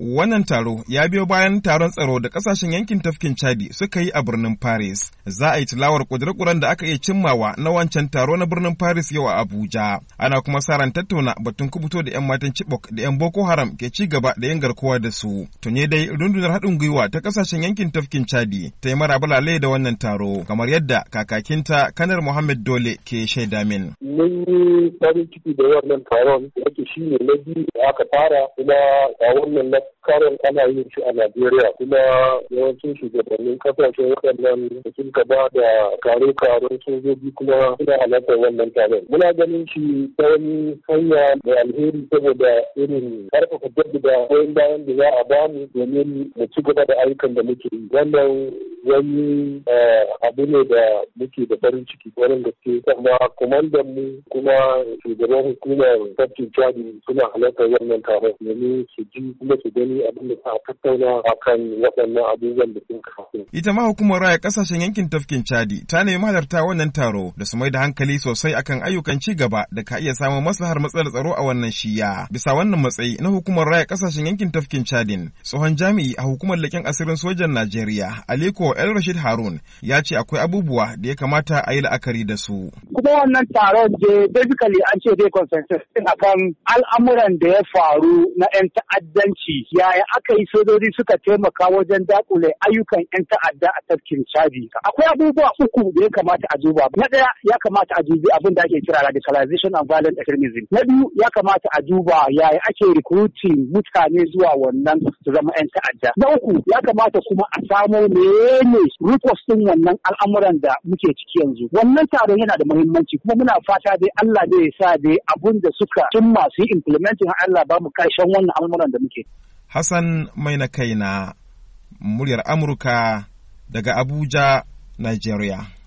Wannan taro ya biyo bayan taron tsaro da kasashen yankin tafkin Chadi suka yi a birnin Paris. Za a yi tilawar kudurkuren da aka iya cimmawa na wancan taro na birnin Paris yau a Abuja. Ana kuma sa ran tattauna batun kubuto da 'yan matan Chibok da 'yan Boko Haram ke ci gaba da yin garkuwa da su. Tune dai rundunar haɗin gwiwa ta kasashen yankin tafkin Chadi ta yi marabalale da wannan taro kamar yadda kakakinta Kanar Muhammad Dole ke shaida min. Mun yi farin ciki da wannan taron, yake shi ne na biyu da aka fara kuma a wannan karin ana yin shi a Najeriya kuma yawancin shugabannin kasashen waɗannan sun gaba da kare-karen sojoji kuma suna halartar wannan taron. Muna ganin shi ta wani hanya da alheri saboda irin karfafa jaddada goyon bayan da za a bamu domin mu ci gaba da ayyukan da muke yi. Wannan wani eh, abu ne da muke da farin ciki da ke kuma kwamandan mu kuma shugaban hukumar tafkin jadi suna halartar wannan taron domin su ji kuma su gani abin da ta tattauna a kan waɗannan abubuwan da sun kasu. Ita ma hukumar raya ƙasashen yankin tafkin Chadi ta nemi halarta wannan taro da su mai da hankali sosai akan ayyukan ci gaba da ka iya samun maslahar matsalar tsaro a wannan shiya. Bisa wannan matsayi na hukumar raya ƙasashen yankin tafkin cadin tsohon jami'i a hukumar leƙen asirin sojan Najeriya Aliko Honorable El Rashid Harun ya ce akwai abubuwa da ya kamata a yi la'akari da su. Kuma wannan taron je basically an ce zai consensus akan al'amuran da ya faru na 'yan ta'addanci yaya aka yi sojoji suka taimaka wajen dakule ayyukan 'yan ta'adda a tafkin Chadi. Akwai abubuwa uku da ya kamata a duba. Na ɗaya ya kamata a dubi abin da ake kira radicalization and violent extremism. Na biyu ya kamata a duba yaya ake recruiting mutane zuwa wannan su zama 'yan ta'adda. Na uku ya kamata kuma a samo me ne rikos ɗin wannan al'amuran da muke ciki yanzu wannan taron yana da muhimmanci kuma muna fata dai Allah zai sa dai abun da suka tun masu implementing har Allah ba mu karshen wannan al'amuran da muke Hassan mai na kai na muryar Amurka daga Abuja Nigeria